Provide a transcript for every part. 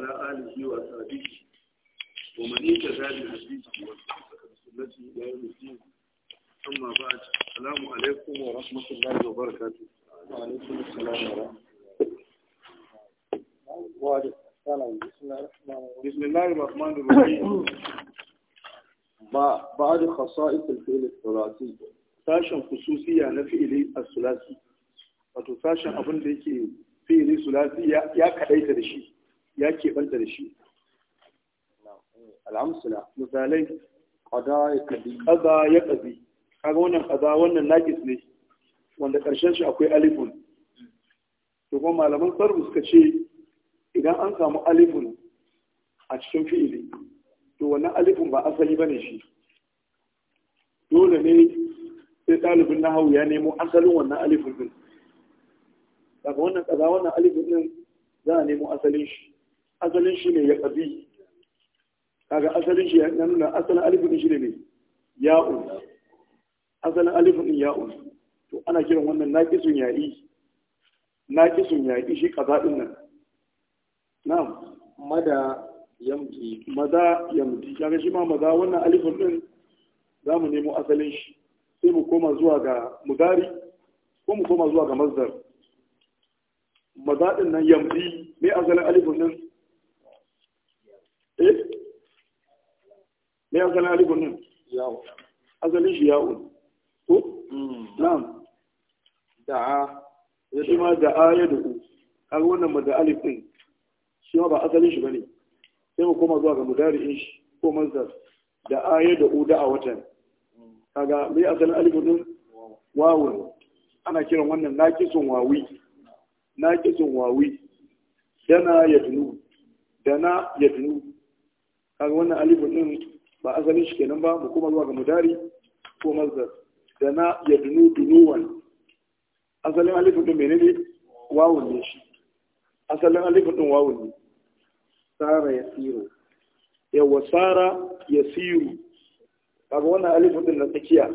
وعلى آله وأصحابه ومن اهتدى بهديه واستمسك بسنته إلى يوم الدين أما بعد السلام عليكم ورحمة الله وبركاته وعليكم السلام ورحمة الله بسم الله الرحمن الرحيم بعد خصائص الفعل الثلاثي sashen kususiya na fi'ili a sulasi wato sashen abin da yake fi'ili sulasi ya kadaita da shi ya keɓanta da shi al'amsula misalai ƙada ya ƙazi kaga wannan ƙada wannan naƙis ne wanda ƙarshen shi akwai alifun to kuma malaman sarbu suka ce idan an samu alifun a cikin fi'ili to wannan alifun ba asali ba ne shi dole ne sai ɗalibin na hau ya nemo asalin wannan alifun ɗin. daga wannan ƙaza wannan alifun ɗin za a nemo asalin shi asalin shi ne ya ƙabi kaga asalin shi ya nuna asalin alifin shi ne ne ya'un asalin alifin ɗin ya'un to ana kiran wannan naƙisun ya'i naƙisun ya'i shi kaza ɗin nan Na mada yamdi mada yamdi kaga shi ma maza wannan alifin ɗin za mu nemo asalin shi sai mu koma zuwa ga mudari ko mu koma zuwa ga mazdar maza ɗin nan yamdi ne asalin alifin ɗin me asalin alifun nan yawo asalin shi yawo ko da da'a ya shi ma da'a ya duku kaga wannan ma da alif din shi ma ba asalin shi bane sai mu koma zuwa ga mudari'in shi ko da da'a ya duku da'a watan kaga me asalin alifun nan wawo ana kiran wannan naqisun wawi naqisun wawi dana ya dunu dana ya dunu kaga wannan alifun din ba asalin shi kenan ba mu kuma zuwa ga mudari ko mazdar da na ya dunu dunuwan asalin alifin din menene wawun ne shi asalin alifin din wawun ne sara ya siro yawa sara ya siro kaga wannan alifin din na tsakiya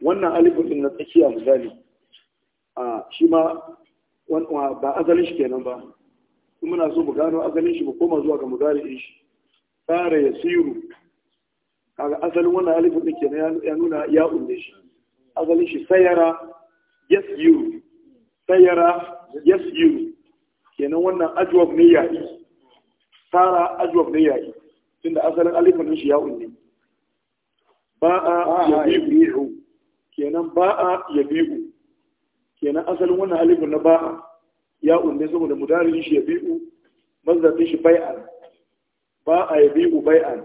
wannan alifin din na tsakiya misali a shi ma ba asalin shi kenan ba in muna so mu gano asalin shi mu koma zuwa ga mudari shi fara ya siru kaga asalin wannan alifin din kenan ya nuna ya unne shi asalin shi sayara you sayara you kenan wannan ajwab ne ya yi sara ajwab ne ya yi tunda asalin alifin din shi ya unne ba a bihu kenan ba a bihu kenan asalin wannan alifin na ba'a ya unne saboda mudarin shi ya bihu mazdar shi bai'a ba a yi u bai'an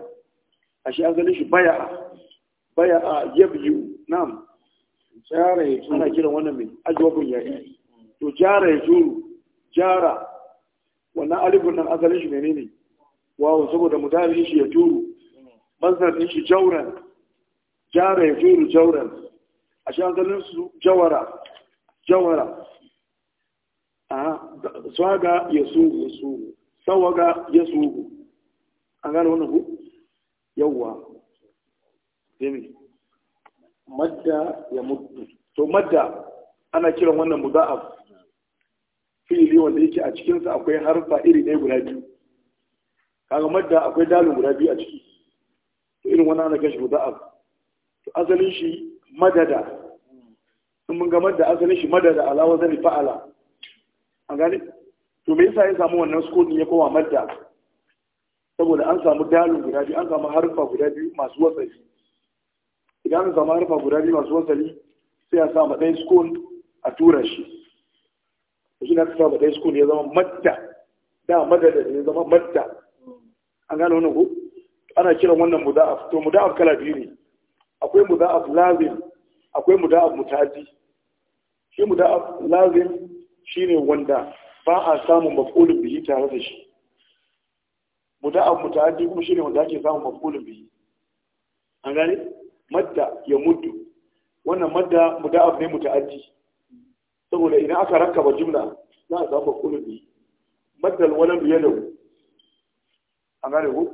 ashe asalin shi baya'a baya'a biyu na'am jara ya juru ana kiran wannan mai ya yi to jara ya juru jara wannan alifin nan asalin shi menene wawo saboda mutane shi ya juru mazhar din shi jauran jara ya juru jauran an asalin su jawara jawara a ah, swaga ya sugu sawaga ya sugu an gane wannan ku yawwa sai madda ya muddu to madda ana kiran wannan mudha'af fili wanda yake a cikinsa akwai harfa iri ɗaya guda biyu kaga madda akwai dalin guda biyu a ciki to irin wannan ana gashi mudha'af to asalin shi madada in mun ga madda asalin shi madada ala wazani fa'ala an gane to me yasa ya samu wannan sukuni ya koma madda saboda an samu dalin guda biyu an samu harfa guda biyu masu wasali idan an samu harfa guda biyu masu wasali sai a sa ma ɗaya skul a tura shi shi na sa ma ɗaya skul ya zama madda da madada ya zama madda an gane wani ko ana kiran wannan muda'af to muda'af kala biyu ne akwai muda'af lazim akwai muda'af mutaji shi muda'af lazim shine wanda ba a samun maf'ulun bihi tare da shi muda'af muta'addi kuma shine wanda ake samun maf'ulun bihi an gane madda ya muddu wannan madda muda'af ne muta'addi saboda idan aka rakaba jumla za a samu maf'ulun bihi madda alwalad yadahu an gane ko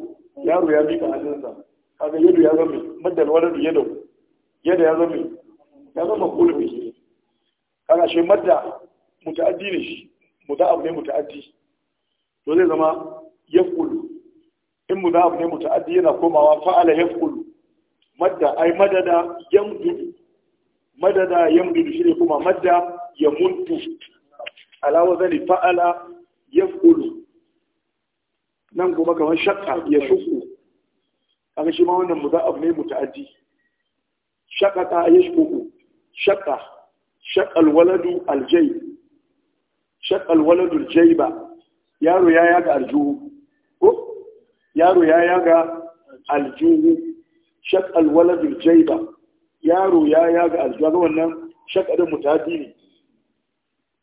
yaro ya a hannunsa kaga yadu ya zama madda alwalad yadahu yada ya zama ya zama maf'ulun bihi kaga shi madda muta'addi ne shi muda'af ne muta'addi to zai zama yaqulu in mudaf ne muta'addi yana komawa fa'ala yaf'ulu madda ai madada yamdudu madada yamdudu shine kuma madda yamuntu Alawa wazani fa'ala yaf'ulu nan kuma kamar shaqqa ya shuku kaga shi ma wannan mudaf ne muta'addi shaqqa yashkuku shaqqa shaqqa alwaladu aljayb shaqqa alwaladu aljayba yaro ya yaga aljuhu yaro ya yaga aljuhu shaq alwaladul jayba yaro ya yaga aljuhu ga wannan shak adin mutadili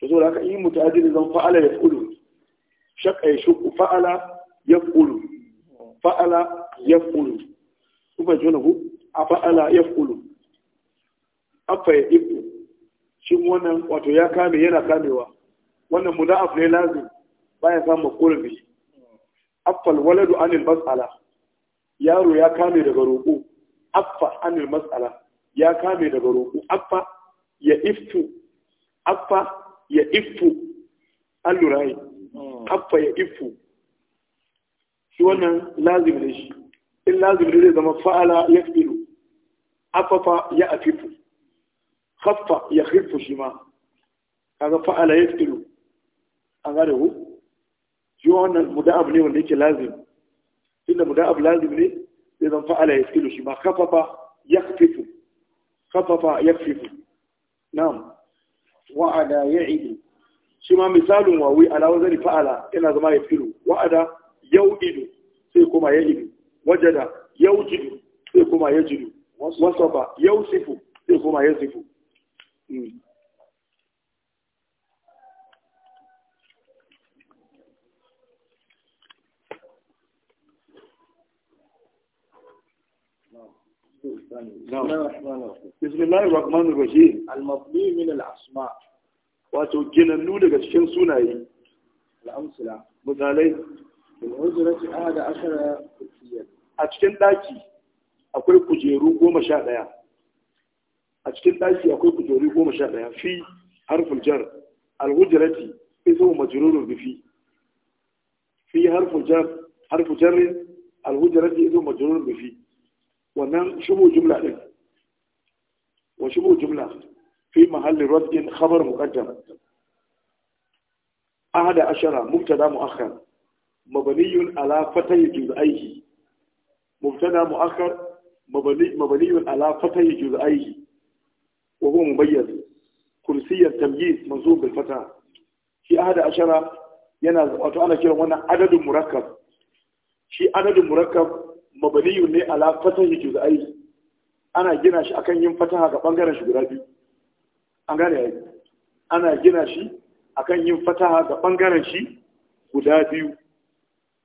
to zo haka in mutadili zan fa'ala ya kulu shak ay shuku fa'ala ya kulu fa'ala ya kulu kuma A fa'ala ya kulu afa ibu shin wannan wato ya kame yana kamewa wannan mudaf ne lazim baya samu qurbi affal waladu anil mas'ala yaro ya kame daga roƙo affa anil mas'ala ya kame daga roƙo affa ya iftu affa ya iftu allurai affa ya iftu shi wannan lazim ne shi in lazim ne zai zama fa'ala ya filu fa ya afifu khaffa ya khifu shi ma kaga fa'ala ya filu an gare ku shi wannan muda'ab ne wanda yake lazim tunda muda'ab lazim ne sai zan fa'ala ya filu shi ma kafafa yakfifu kafafa yakfifu na'am wa'ada ya'idu shi ma misalin wawi ala wazani fa'ala yana zama ya filo? wa'ada idu sai kuma ya'idu wajada yaujidu sai kuma jidu wasafa yausifu sai kuma sifu. بسم الله Rahim. الرحيم المبني من al واتو Wato ginannu daga cikin sunaye. مثالي amsala Misalai. Bil hujrati ahada A cikin daki akwai kujeru goma sha ɗaya. A cikin daki akwai kujeru goma sha ɗaya. Fi harful jar. Al-hujrati ismu bi fi. Fi harful jar fi. wannan shubu jumla din wa shubu jumla fi mahalli raddin khabar muqaddam ahada ashara mubtada muakhar mabniyun ala fatay juz'aihi mubtada muakhar mabni mabniyun ala fatay juz'aihi wa huwa mubayyan kursiyya tamyiz mazub bil fata fi ahada ashara yana wato ana kiran wannan adadin murakkab shi adadin murakkab mabaniyu ne ala fatahi juz'ai ana gina shi akan yin fataha ga bangaren shi guda biyu an gane yayi ana gina shi akan yin fataha ga bangaren shi guda biyu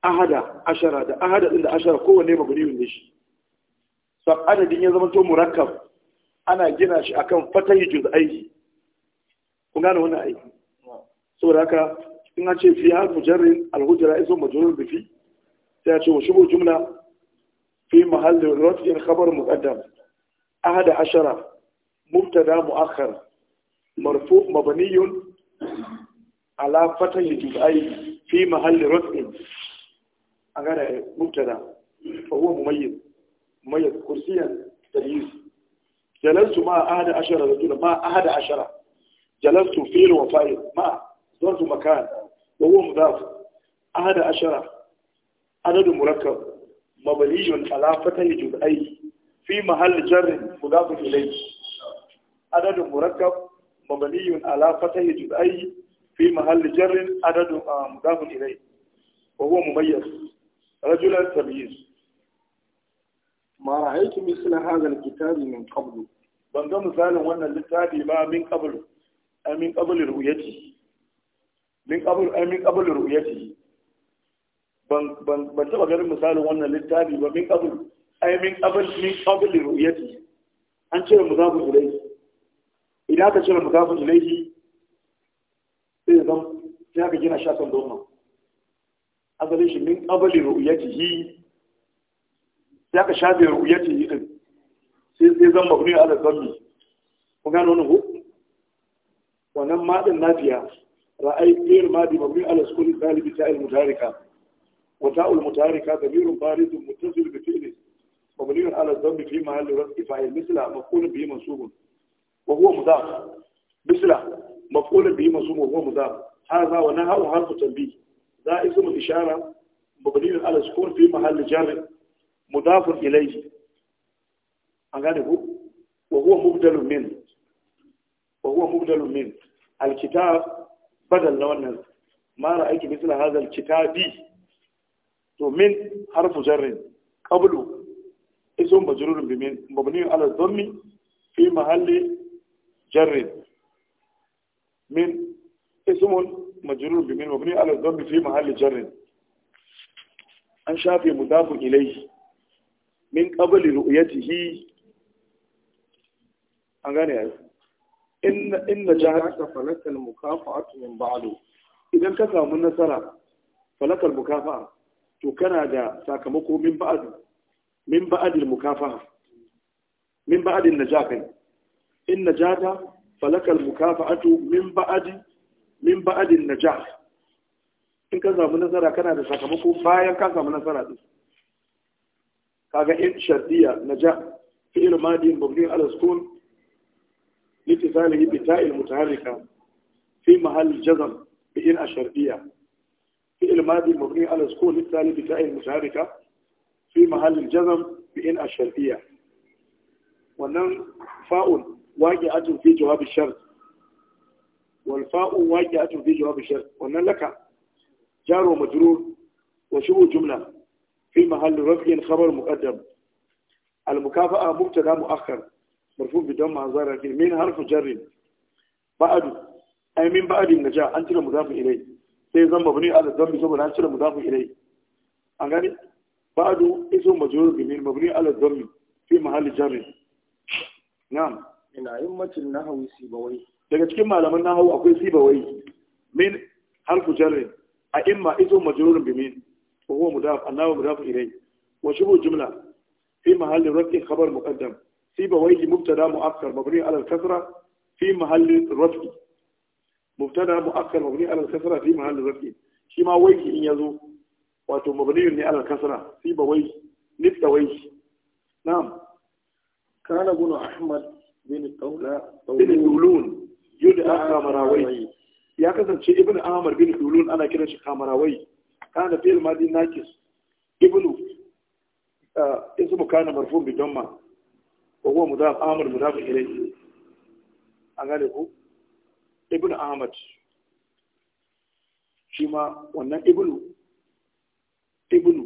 ahada ashara da ahada din da ashara kowanne mabaniyu ne shi sab adadin ya zama to murakkab ana gina shi akan fatahi juz'ai kun gane wannan aiki saboda haka in an ce fiya mujarrin alhujra iso majrur bi sai a ce wa shigo jumla في محل رفع خبر مقدم أحد عشرة مبتدا مؤخر مرفوع مبني على فتح الجزئي في محل رفع أغنى مبتدا فهو مميز مميز كرسيا تمييز جلست مع أحد عشرة رجلا مع أحد عشرة جلست فيل وفاعل مع زرت مكان وهو مضاف أحد عشرة عدد مركب مبني على فتح جبعي في محل جر مضاف إليه عدد مركب مبني على فتح جبعي في محل جر عدد آه، مضاف إليه وهو مميز رجل التمييز ما رأيت مثل هذا الكتاب من قبل ban ga misalin wannan littafi ba min qablu amin qablu ru'yati min qablu amin قبل ru'yati ban taba ganin misalin wannan littafi ba min qabl ai min qabl min qabl ru'yati an ce mu zabu ilayhi idan ka ce mu zabu ilayhi sai zan sai ka gina shafin doma asalin shi min qabl ru'yatihi sai ka shafe ru'yatihi din sai sai zan mabni ala zammi ku gano wannan ku wannan madin nafiya ra'ayi ɗayar bi mabni ala sukuni ta ta'il mutarika وتاء المتحركة ضمير بارز متصل بفعله مبني على الضم في محل رفع فاعل مثل مفعول به منصوب وهو مضاف مثل مفعول به منصوب وهو مضاف هذا ونهى حرف تنبيه ذا اسم الإشارة مبني على السكون في محل جر مضاف إليه أغانيه وهو مبدل من وهو مبدل من الكتاب بدل لو ما رأيت مثل هذا الكتابي تو من حرف جر قبله اسم مجرور بمن مبني على الضم في محل جر من اسم مجرور بمن مبني على الضم في محل جر انشا في مضاف اليه من قبل رؤيته ان ان نجحت فلك المكافاه من بعده اذا من النصر فلك المكافاه to kana da sakamako min ba'adu min ba'adil mukafaha min ba'adil najaka in najata falakal mukafa'atu min ba'adi min ba'adil najah in ka samu nasara kana da sakamako bayan ka samu nasara din kaga in shardiya naja fi'il madi mabni ala sukun litisalihi bi ta'il mutaharrika fi mahall jazm bi in ashardiya في الماضي المبني على سكون الثاني بتاء المشاركة في محل الجزم بإن الشرطية ونم فاء واقعة في جواب الشرط والفاء واقعة في جواب الشرط ونن لك جار ومجرور وشبه جملة في محل رفع خبر مقدم المكافأة مبتدا مؤخر مرفوع بدم معذرة من حرف جر بعد أي من بعد النجاح أنت مضاف إليه sai zan mabni ala Zambi saboda an cire mudafu ilai an gani ba'du isu majrur bi mabni ala dhammi fi mahalli jarri na'am ina yin matin nahawi sibawai daga cikin malaman nahawu akwai sibawai min harfu jarri a imma isu majrur bi min wa huwa mudaf annahu mudaf ilai wa shubu jumla في محل رفع خبر مقدم mubtada mu'akkar مؤخر مبني على kasra fi mahalli rafi mubtada mu'akkar mabni ala kasra fi mahalli rafi shi ma waiki in yazo wato mabniyun ne ala kasra fi ba wai nifta wai na'am kana gunu ahmad bin taula bin dulun yud'a kamarawai ya kasance ibnu ahmad bin dulun ana kiran shi kamarawai kana fil madi nakis ibnu ismu kana marfu bi damma wa huwa mudaf amr mudaf ilayhi an gane ku ibn ahmad shi ma wannan ibnu ibnu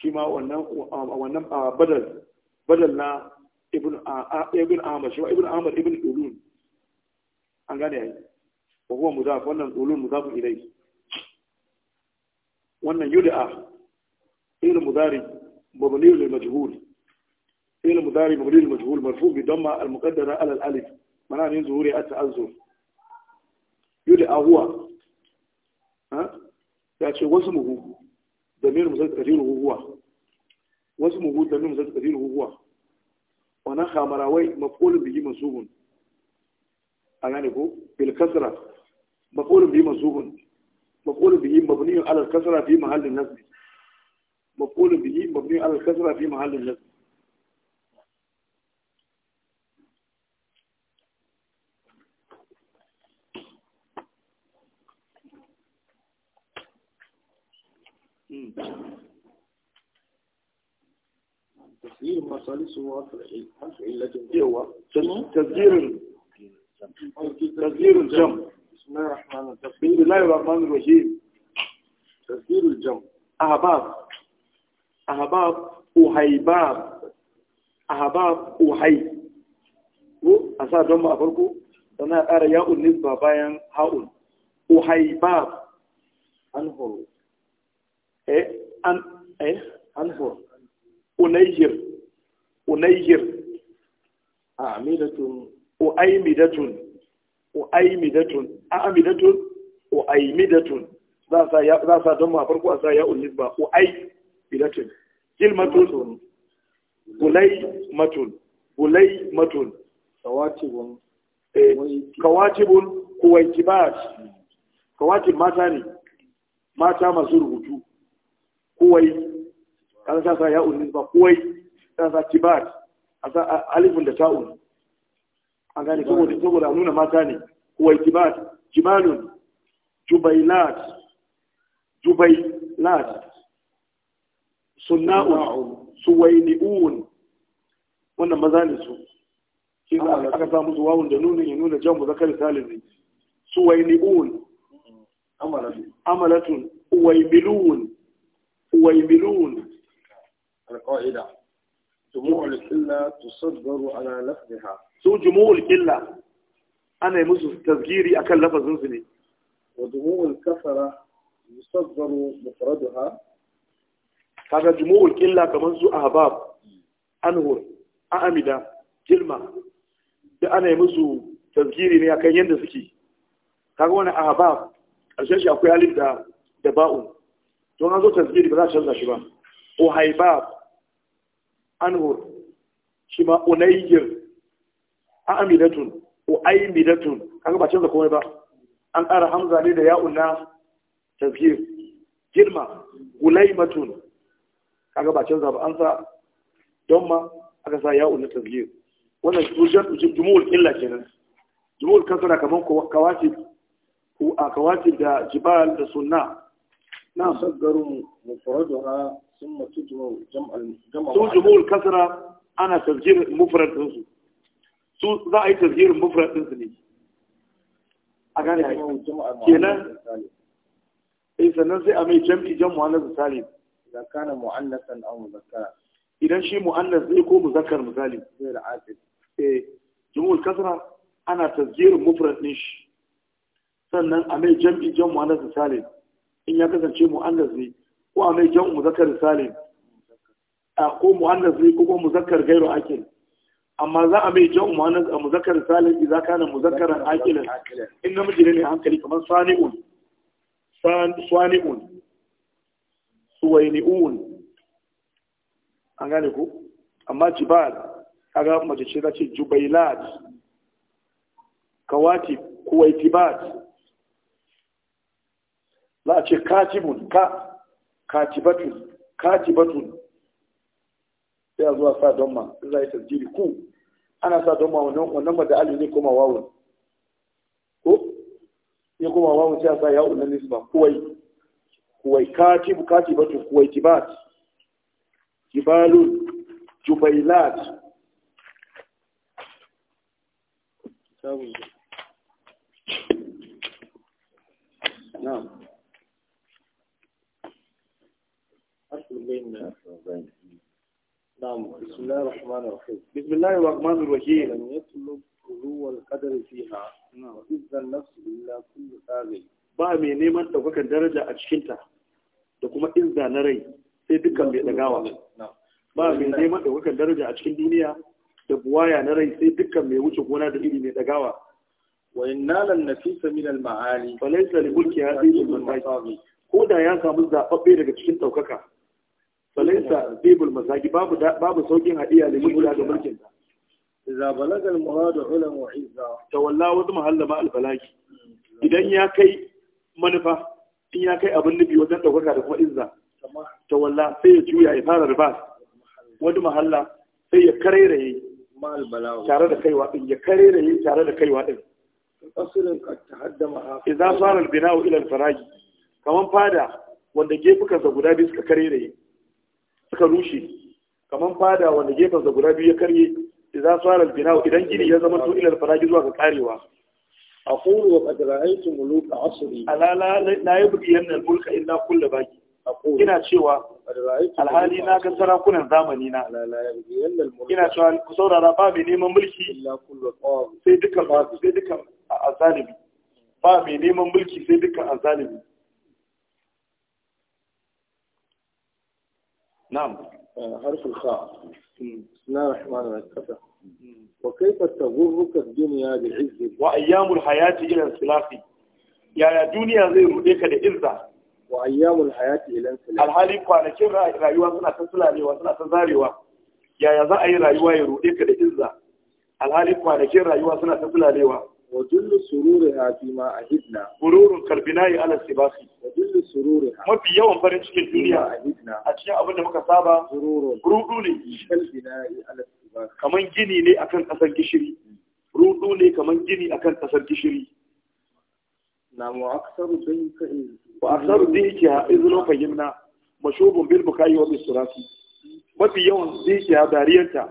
shi ma wannan badal badal na ibn ahmad shi ma ibn ahmad ibn ulun an gane yayi ko huwa mudaf wannan ulun mudaf ilai wannan yud'a fi'l mudari mabni lil majhul fi'l mudari mabni lil majhul marfu' bi damma al muqaddara ala al alif mana min zuhuri at ta'azzur yuli ahuwa ya ce wasu muhu da mirin musar kadiru huwa wasu muhu da mirin musar kadiru huwa wannan hamarawai mafolin biyi masubun a gane ko bilkasra mafolin biyi masubun mafolin biyi mabniyun alal kasra fi mahallin nasbi mafolin biyi mabniyun alal kasra fi mahallin nasbi وثالثه حرف علة يوا تسجيل تسجيل الجمع بسم الله الرحمن الرحيم بسم الله الرحمن الرحيم تسجيل الجمع أهباب أهباب أهيباب أهباب أهي أسا جمع أفرقه sannan ƙara ya'un nisba بيان ha'un uhaibab anhur eh an eh anhur unayjir unayir amidatun uaimidatun uaimidatun amidatun uaimidatun za sa ya za sa don ma farko a sa ya ulisba uaimidatun kilmatun ulai matun kawatibun eh, kawatibun ba? kawatib mata ne mata masu rubutu kuwai kan sa ya ba kuwai sa kibat a sa alifin da ta'un an gane saboda saboda nuna mata ne wai kibat jimalun jubailat jubailat sunna'un suwaini'un wannan maza ne su aka samu su wawun da nuna ya nuna jan muzakar salizi suwaini'un amalatun uwaimilun uwaimilun alƙa'ida jumu'ul illa tusaddaru ala lafziha su jumu'ul illa ana yi musu tasgiri akan lafazin su ne wa jumu'ul kafara yusaddaru mufraduha kaga jumu'ul illa kamar su ahbab anhur a'amida da ana yi musu tasgiri ne akan yadda suke kaga wani ahbab ƙarshen shi akwai alif da da ba'un don an zo tasgiri ba za a canza shi ba ko anhur shi ma unayyir amidatun uaymidatun kaga ba canza komai ba an ƙara hamza ne da ya'un na tafiyir girma gulaimatun kaga ba canza ba an sa don ma aka sa ya'un na tafiyir wannan jumul illa kenan jumul kasara kaman ko a kawasib da jibal da sunna na sagaru mufraduha ثم تجمع جمع جمع تجمع الكسرة أنا مفرد za a yi tasgirin mufrad ne a gane kenan eh sannan sai a jam'i jan mu'annas misali idan kana mu'annasan aw muzakkara idan shi mu'annas zai ko muzakkar misali eh jumul kasra ana tasgirin mufrad sannan a jam'i jan in ya kasance mu'annas ne ko a mai jan muzakkar salim a ko muhannas ne ko muzakar muzakkar gairu akil amma za a mai jan muhannas a muzakkar salim idan kana muzakar akil in namiji ne hankali kamar sani'un sani'un suwaini'un an gane ku amma jibal kaga mace ce za ce jubailat kawati kuwaitibat za a ce katibun ka katibatun katibatun sai a zuwa sa don ma za a yi tasjiri ku ana sa don ma wannan alu ne koma wawun ko ya koma wawun sai a sa yawon nan nisba kuwai kuwai katibu katibatun kuwai kibat jibalun jubailat Thank you. بيننا نعم بسم الله الرحمن الرحيم بسم الله الرحمن ba mai neman ɗaukakar daraja a cikinta da kuma izza na rai sai dukkan mai ɗagawa ba mai neman ɗaukakar daraja a cikin duniya da buwaya na rai sai dukkan mai wuce gona da iri mai ɗagawa wa inna lan nafisa min al ma'ali fa laysa li mulki hadhihi al ko da ya samu zababbe daga cikin ɗaukaka falaisa bibul masaki babu babu saukin hadiya da mulki da mulkin tawalla wa mahallama al idan ya kai manufa in ya kai abin nufi wajen daukaka da kuma izza tawalla sai ya juya ya fara riba wani mahalla sai ya kareraye tare da kaiwa din ya kareraye tare da kaiwa din fada wanda gefukansa guda biyu suka kareraye suka rushe kamar fada wanda gefen sa guda biyu ya karye idan sara albinau idan gini ya zama to ilal faraji zuwa ga karewa aqulu wa qad ra'aytu muluka asri ala la la yabqi yanna al-mulka illa kullu baqi ina cewa alhali na ga sarakunan zamani na ina cewa ku saurara ba mai neman mulki sai dukkan sai dukkan azalimi ba mai neman mulki sai dukkan azalimi نعم حرف الخاء بسم الله الرحمن الرحيم وكيف تغرك الدنيا بعز وايام الحياه الى انسلاخ يا يا دنيا زي روديك da izza wa ayyamul hayati ila insilahi alhali kwanakin rayuwa suna ta suna ta zarewa yaya za a yi rayuwa ya rude ka da izza kwanakin rayuwa suna ta sulalewa وجل سرورها فيما أهدنا غرور كالبناء على السباق وجل سرورها ما في يوم فرن cikin duniya أهدنا أشياء abin da muka saba غرور غرور ne كالبناء على السباق kaman gini ne akan kasar gishiri rudu ne kaman gini akan kasar gishiri na mu aksaru dai ka wa aksaru dai ka izlo fayyimna mashubun bil bukai wa bisrafi mafi yawan dai ka dariyanta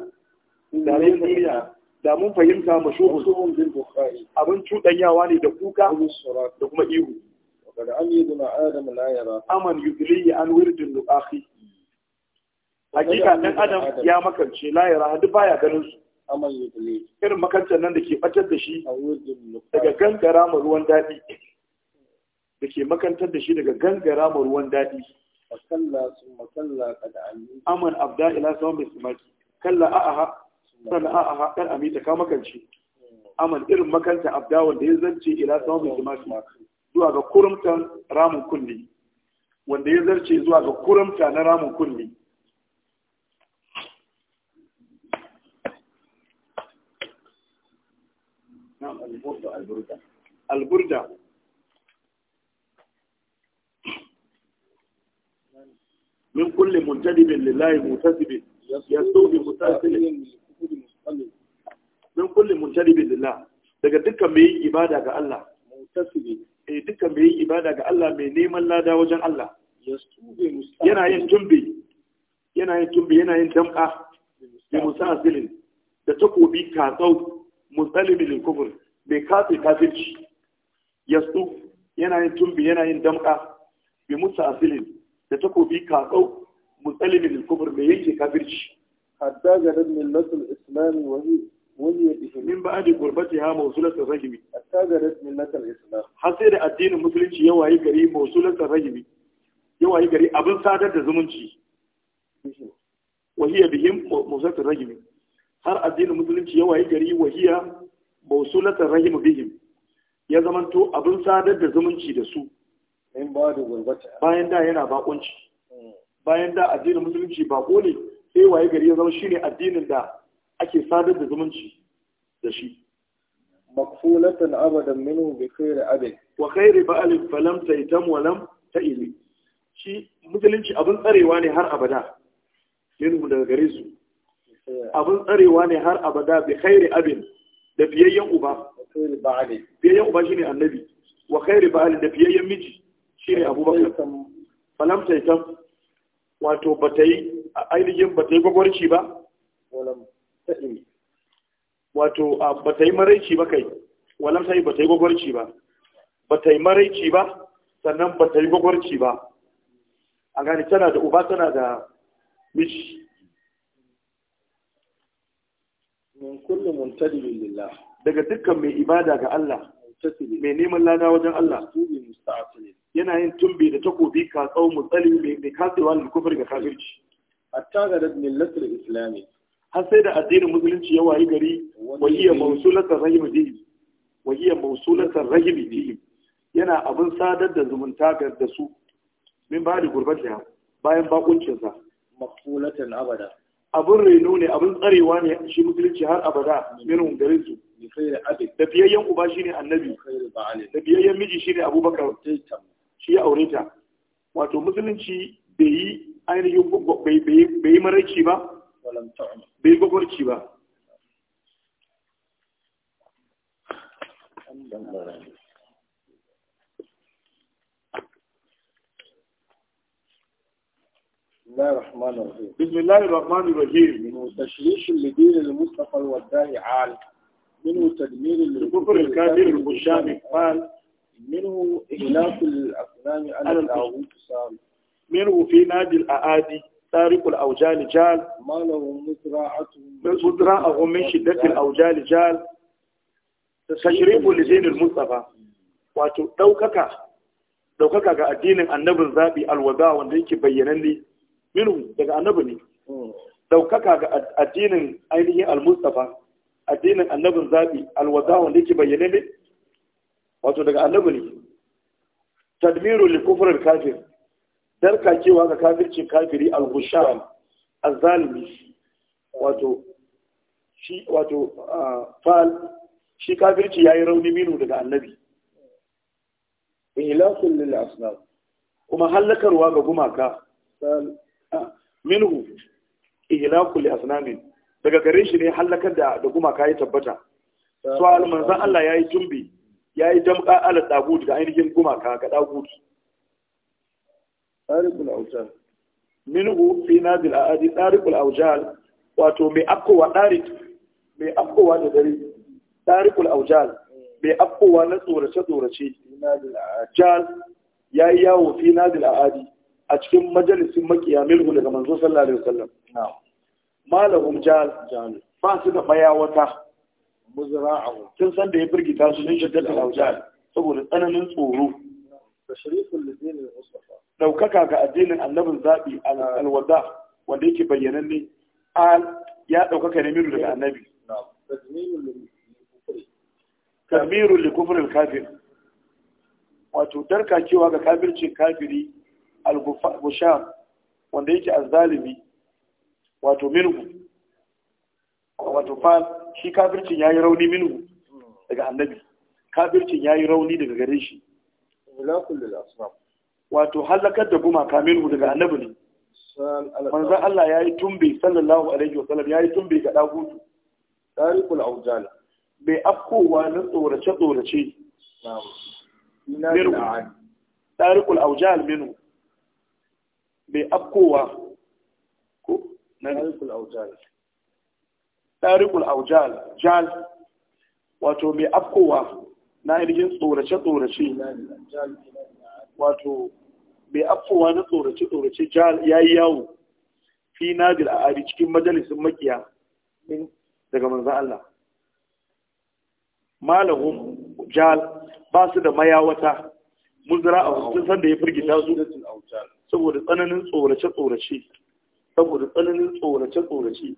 dariyanta da mun fahimta mashuhun bil bukhari abin ne da kuka da kuma ihu وقد عمي ابن آدم لا يرى أمن يدري عن ورد لأخي حقيقة أن آدم يا مكان شيء لا يرى هذا بايا جنوس daga gangara ma ruwan dadi dake makantar da shi daga gangara ma ruwan daɗi kalla sun kada amin aman abda ila sawmi kalla a'a sannan a haɗar amita ka makanci aman irin makanta abdawan da ya zarce ila mai jimafi zuwa ga kurumtan ramin kulli wanda ya zarce zuwa ga kurumta na ramin kulli alburda min kulli muntalibin lillahi mutasibin yasu bi mutasibin min kulli munjalibi lillah daga dukkan mai yin ibada ga Allah mutasibi eh dukkan mai ibada ga Allah mai neman lada wajen Allah yana yin tumbi yana yin tumbi yana yin damka bi musasilin da takobi katsau musalimi lil kufr bai katse kafirci yasu yana yin tumbi yana yin damka bi musasilin da takobi katsau musalimi lil kufr mai yake kafirci Hadda ga min nasul islami wa min ba adi gurbati ha mausulatar rahimi hatta ga har sai da addinin musulunci ya wayi gari mausulatar rahimi ya wayi gari abin sadar da zumunci wahiya bihim mausulatar rahimi har addinin musulunci ya wayi gari wahiya mausulatar rahimi bihim ya zamanto abin sadar da zumunci da su bayan da yana bakonci hmm. bayan da addinin musulunci bako ne sai waye gari ya zama shine addinin da ake sadar da zumunci da shi مقفولة أبدا منه بخير أبد وخير falam taitam تيتم ولم تئذي Shi musulunci abin tsarewa ne har abada minhu daga gare su abin tsarewa ne har abada bi khairi abin da biyayyen uba Biyayyen uba shine annabi wa khairi ba'al da biyayyen miji shine abubakar falam taitam wato ta yi ainihin ta yi gwagwarci ba wato ba ta yi maraici ba kai walam sai ba ta yi gwagwarci ba ba ta yi maraici ba sannan ba ta yi gwagwarci ba a gani tana da uba tana da miji min kullu muntadibin lillah daga dukkan mai ibada ga Allah mai neman lada wajen Allah yana yin tumbi da takobi ka tsau mutsali mai kasewa da kufar ga kafirci hatta ga da millatul islami har sai da addinin musulunci ya wayi gari wahiyar mausulatar rahimi dihim wahiyar mausulatar rahimi dihim yana abin sadar da zumunta ga da su min ba da gurbata bayan bakuncinsa maksulatar abada abin reno ne abin tsarewa ne shi musulunci har abada min garin su da biyayyen uba shine annabi da biyayyen miji shine abubakar shi ya aure ta wato musulunci bai yi ainihin bai yi maraici ba bai gwagwarci بسم الله الرحمن الرحيم منه تشريش لدين المصطفى والداعي عال منه تدمير الكفر الكافر المشام قال منه إهلاك الأصنام على الطاغوت منه في نادي الأعادي طارق الأوجال جال ما له مزرعة من شدة الأوجال جال تشريف لدين المصطفى wato ɗaukaka ga addinin annabin zaɓi alwaza wanda yake bayyananne minu daga annabi ne hmm. ɗaukaka ga addinin ainihin almustafa addinin annabin zaɓi alwaza wanda yake bayyananne wato daga annabi ne tadmiru li kufrul kafir darkakewa ga kafircin kafiri al-husham az-zalimi wato shi wato fal shi kafirci yayi rauni minu daga annabi ilahun lil asnam kuma halakarwa ga gumaka minhu ilahun lil asnamin daga gare shi ne halakar da da gumaka ya tabbata so al manzan Allah yayi tumbi yayi damka ala tabut ga ainihin gumaka ga dagut tsarikul aujal minhu fi nabil aadi tsarikul aujal wato mai afkowa tsarik mai afkowa da dare tsarikul aujal mai afkowa na tsorace tsorace jal ya yi yawo fi a aadi a cikin majalisin makiya milhu daga manzo sallallahu alaihi wasallam malahum jal ba su da bayawata muzra'ahu kin san da ya birgita su sun shaddatul aujal saboda tsananin tsoro tashrifun lidinil mustafa ɗaukaka ga addinin annabin zaɓi alwada wanda yake bayyananne al ya ɗaukaka ne miru daga annabi tamiru li kufrin kafir wato darka cewa ga kafircin kafiri al gusha wanda yake azzalimi wato minhu wato fa shi kafircin yayi rauni minhu daga annabi kafircin yayi rauni daga gare shi wala kullu wato halakar da gumaka minhu daga annabi ne manzon Allah ya yi tumbe sallallahu alaihi wasallam ya yi tumbe ga dagutu bai afkowa na tsorace tsorace minhu bai afkowa ko jal wato mai afkowa na tsorace tsorace wato bai afuwa na tsorace-tsorace ya yi yawo fi nadir a ari cikin majalisun makiya daga manzan Allah malahun jal ba su da mayawata muzara a hutun sanda ya firgita su saboda tsananin tsorace-tsorace saboda tsananin tsorace-tsorace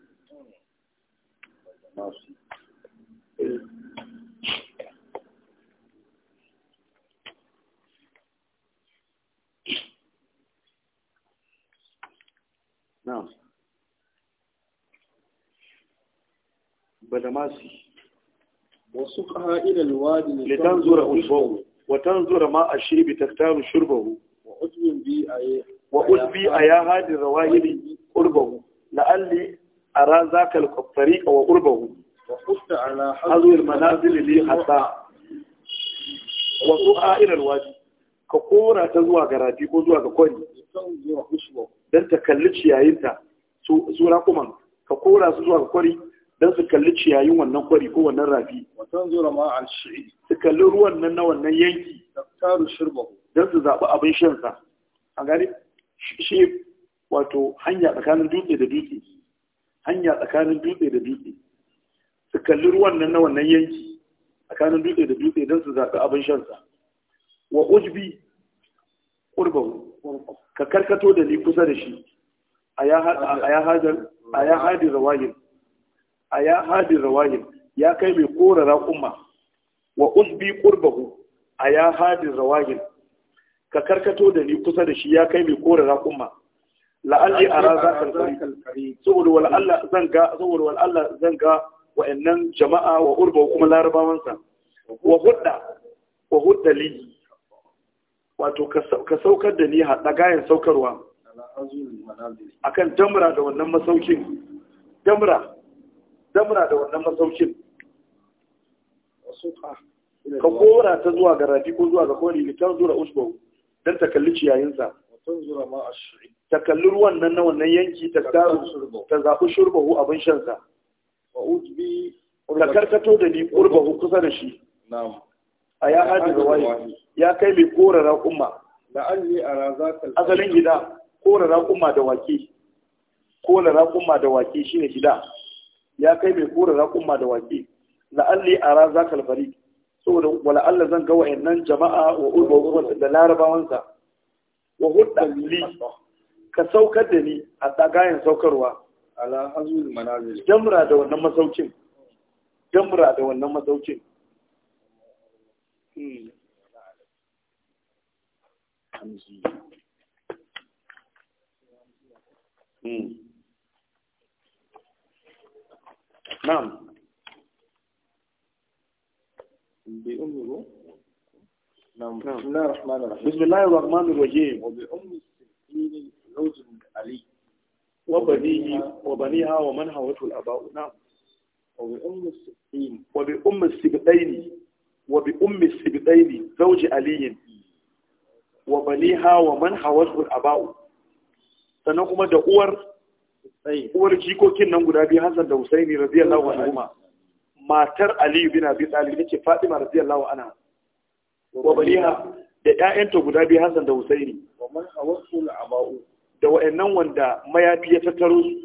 na'am badamasi wasu ƙa'idar wadi ne zura usbahu wa tan zura ma a shirbi tattaru shurbahu wa usbi a ya hadi rawahili qurbahu la'alli ara zakal tariqa wa qurbahu wa qutta ala hazwi al manazil li hatta wa su'a ila al wadi ka kora ta zuwa ga ko zuwa kwari don ta kalli ciyayinta su kuma ka kora su zuwa kwari don su kalli ciyayin wannan kwari ko wannan rafi wasan zura ma a shi'i su kalli ruwan nan na wannan yanki taru shirba don su zaɓi abin shan sa a gani shi wato hanya tsakanin dutse da dutse hanya tsakanin dutse da dutse su kalli ruwan nan na wannan yanki tsakanin dutse da dutse don su zaɓi abin shan sa wa ujbi qurbahu ka karkato da ni kusa da shi a ya hadi rawayin, a ya hadi rawahin ya kai mai kora umma. wa usbi qurbahu a ya hadi rawayin, ka karkato da ni kusa da shi ya kai mai kora umma. la'alli ara za ka kari saboda wal Allah zan ga saboda wal Allah zan ga wa'annan jama'a wa urba kuma larabawansa wa hudda wa hudda li wato ka saukar da ni haɗa gayan saukarwa kan damra da wannan masaukin damra damra da wannan masaukin ka kora ta zuwa ga rafi ko zuwa ga kori litan zura usbo don ta kalli ciyayinsa ta kalli ruwan nan na wannan yanki ta ta zaɓi shurbahu abin shansa ta karkato da ni ƙurbahu kusa da shi a ya hajji da waye ya kai mai a raƙumma azalin gida korara umma da wake korara umma da wake shine gida ya kai mai korara umma da wake la'alli a raza bari saboda wala Allah zan ga wayannan jama'a wa urba da larabawansa wa hudda li ka saukar da ni a tsagayen saukarwa ala hazul manazil jamra da wannan masaukin jamra da wannan masaukin نعم بأمه نعم. نعم بسم الله الرحمن الرحيم بسم الله الرحمن الرحيم وبأم السكين زوج علي وبنيه وبنيها ومن هوته الآباء نعم وبأم السكين وبأم السكين wa bi ummi sibtaini zauji aliyin wa baniha wa man hawasul aba'u sannan kuma da uwar uwar jikokin nan guda biyu Hassan da Husaini radiyallahu anhu matar Ali bin Abi Talib nake Fatima radiyallahu anha wa baniha da ƴaƴanta guda biyu Hassan da Husaini wa man hawasul aba'u da wa'annan wanda mayafi ya tattaro su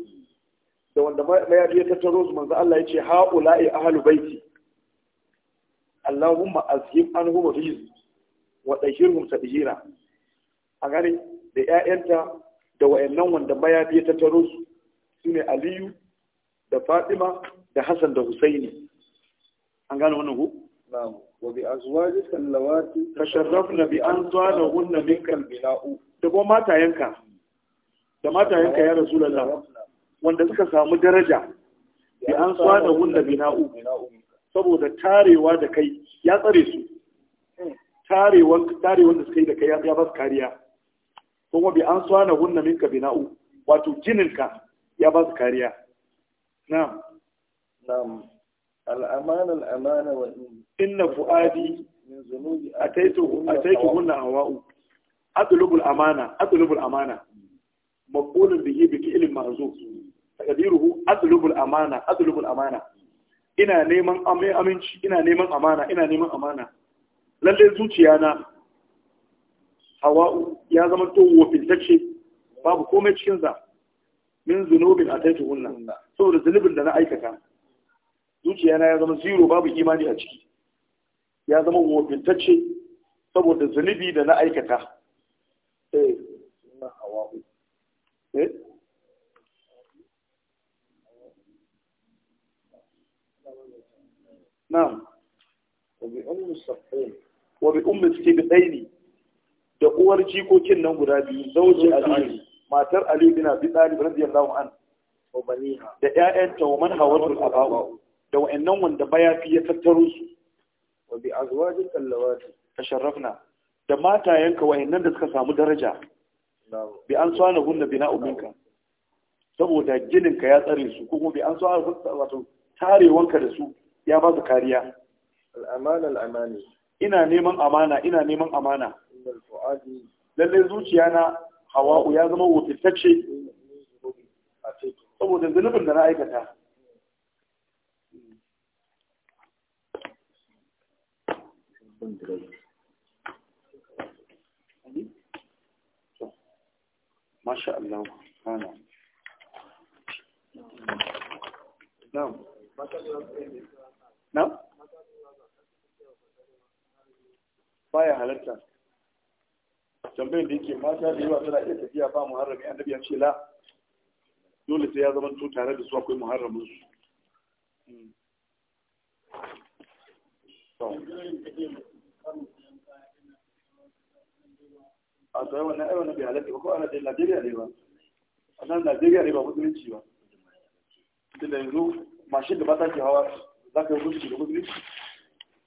da wanda mayafi ya tattaro su manzo Allah ya ha'ula'i ahlul baiti Allahumma azhib anhum rizq wa dahirhum tadhira a gare da ƴaƴanta da wayannan wanda baya mayafi ta taro su sune Aliyu da Fatima da Hassan da Husaini an gane wannan ku na'am wa bi azwajika allawati tasharrafna bi anzalahunna minkal bila'u da kuma matayenka da matayenka ya rasulullah wanda suka samu daraja bi an anzalahunna bina'u saboda tarewa da kai ya tsare su tarewan da suka yi da kai ya ba su kariya kuma bi an swana hunna ka bina'u wato jininka ya ba su kariya na'am na'am al'amana al'amana wa inna fu'adi min zunubi ataitu ataitu hunna hawa'u atlubul amana atlubul amana maqulun bihi bi fi'lin ma'zuf taqdiruhu atlubul amana atlubul amana ina neman aminci ina neman amana ina neman amana lalle zuciya na hawa'u ya zama to wofintacce babu komai cikin za min zunubin ataitu hunna saboda zunubin da na aikata zuciya na ya zama zero babu imani a ciki ya zama wofintacce saboda zunubi da na aikata eh hawa'u eh na'am wa bi ummi safain wa bi da uwar jikokin nan guda biyu zauji ali matar ali bin abi talib radiyallahu an wa baniha da ƴaƴanta wa man hawatul abawa da wa'annan wanda bayafi ya tattaro su wa bi azwajil allawati tasharrafna da matayenka wa'annan da suka samu daraja bi an tsana gunna bina uminka saboda gininka ya tsare su kuma bi an tsana wato tarewanka da su ya ba su kariya al'amana al'amani ina neman amana ina neman amana lalle zuciya na hawa'u ya zama wutacce saboda zunubin da na aikata Masha Allah, na? baya halarta tambayar da yake mata da yawa suna iya tafiya ba muharrami annabi ya ce la dole sai ya zama to tare da su akwai muharramin su hmm. a tsaye wannan aiwa na bai halatta ba ko ana da najeriya ne ba a nan najeriya ne ba musulunci ba da yanzu mashin da mata ke hawa za ka yi da musulunci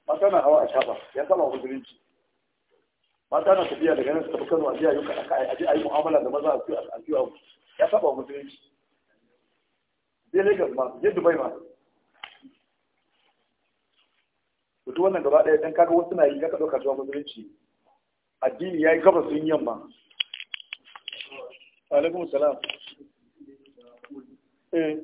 mata na hawa a shafa ya saba musulunci mata na tafiya da ganin su tafi kano a je yi a je a yi mu'amala da maza a a wuce ya saba musulunci je lagos ma je dubai ma mutu wannan gaba ɗaya dan kaga wasu na yi ya kaɗo kasuwa musulunci addini ya yi gaba sun yamma alaikum salam eh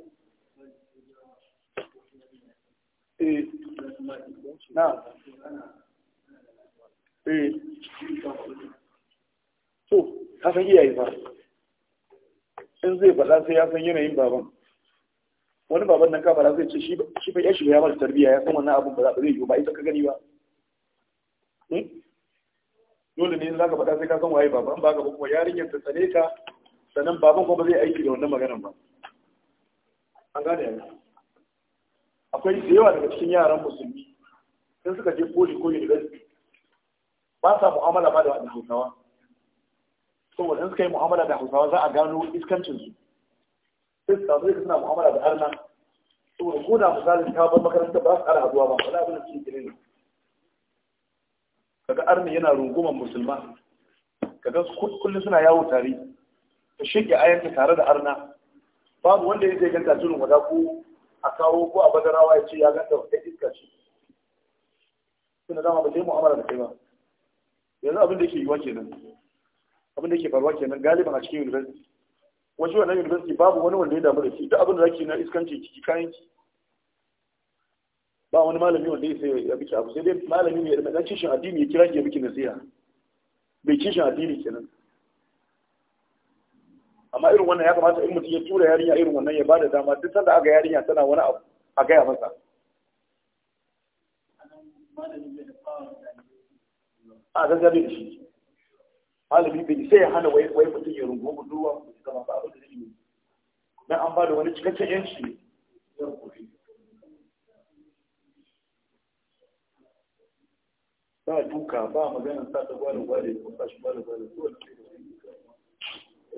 to ka san iyaye ba in zai faɗa sai ya san yanayin baban wani baban nan kafara zai ce shi fa ya shiga ya mata tarbiyya ya san wannan abin ba za zai yi ba ita ka gani ba hmm? dole ne za ka faɗa sai ka san waye baban ba ka ba kuma yarinyar ta tsare ka sannan baban kuma ba zai aiki da wannan maganan ba an gane yanzu akwai da yawa daga cikin yaran musulmi sun suka je koli ko university ba sa mu'amala ba da hausawa saboda in suka yi mu'amala da hausawa za a gano iskancinsu sai su samu suna mu'amala da harna saboda ko da misalin ta bar makaranta ba su ara haduwa ba wani abin da suke gire ne kaga arni yana rungumar musulma kaga kullum suna yawo tare ta shige ayanta tare da arna babu wanda ya je ganta tunin wada ko a kawo ko a badarawa ya ce ya ganta wata iska ce suna zama ba sai mu'amala da kai ba yanzu abin da yake yiwa kenan abin da yake faruwa kenan galiban a cikin university wajen wannan university babu wani wanda ya damu da shi duk abin da zaki na iskanci ciki kayan ki ba wani malami wanda ya sai ya biki abu sai dai malami ne da kishin addini ya kira ki ya biki nasiha bai kishin addini kenan amma irin wannan ya kamata in mutum ya tura yarinya irin wannan ya bada dama duk sanda aka yarinya tana wani abu a gaya masa a gaskiya bai da shi malami bai sai ya hana wai wai mutum ya rungu mu ga ba abin da zai yi dan an bada wani cikakken yanci ba duka ba magana, sa ta gwada gwada ko sa shi gwada gwada ko wani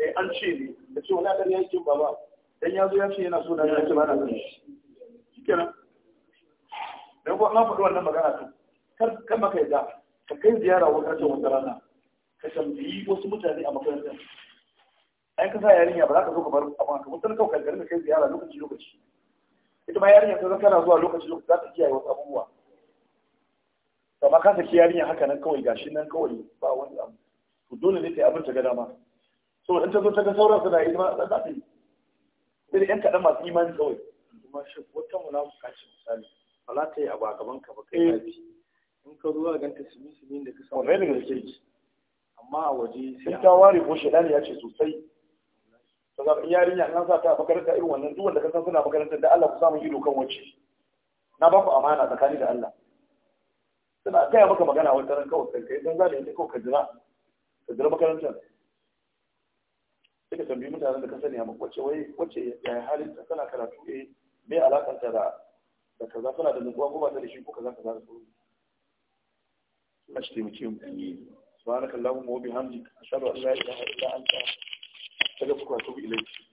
eh an ce ne da ce wani ɗan yankin baba dan ya zo ya ce yana so na ya ce ba na son shi kenan dan ko an faɗi wannan magana to Kan kar maka yadda ka kai ziyara wa karshen wata rana ka tambayi wasu mutane a makarantar ai ka sa yarinya ba za ka zo ka bar amma ka mutar kawai kalgarin ka kai ziyara lokaci lokaci ita ma yarinya ta kana zuwa lokaci lokaci za ta kiyaye wasu abubuwa amma ka saki yarinya haka nan kawai gashi nan kawai ba wani abu to dole ne kai abin ta ga dama so in ta zo ta ga sauran suna yi ma za ta yi sai yan kaɗan masu imani kawai kuma shi wata munafuka ce misali ba za ta yi abu a gaban ka ba kai yafi eh. in ka zo ga ta sumi sumi da ka samu wani daga gaske amma a waje sai ta ware ko shaidani ya ce sosai ba za ka yarinya an sa ta makaranta irin wannan duk wanda ka san suna makaranta da Allah ku samu ido kan wacce na ba ku amana tsakani da Allah suna gaya maka magana wata ran kawai kai dan zalunci ko ka jira ka jira makarantar suka tambayi mutanen da ka sani a wacce wai wacce ya halin ta tana karatu eh me alakar ta da da kaza tana da nutsuwa ko ba ta da shi ko kaza kaza da sauran Allah shi taimake mu subhanakallahumma wa bihamdika ashhadu an la ilaha illa anta astaghfiruka wa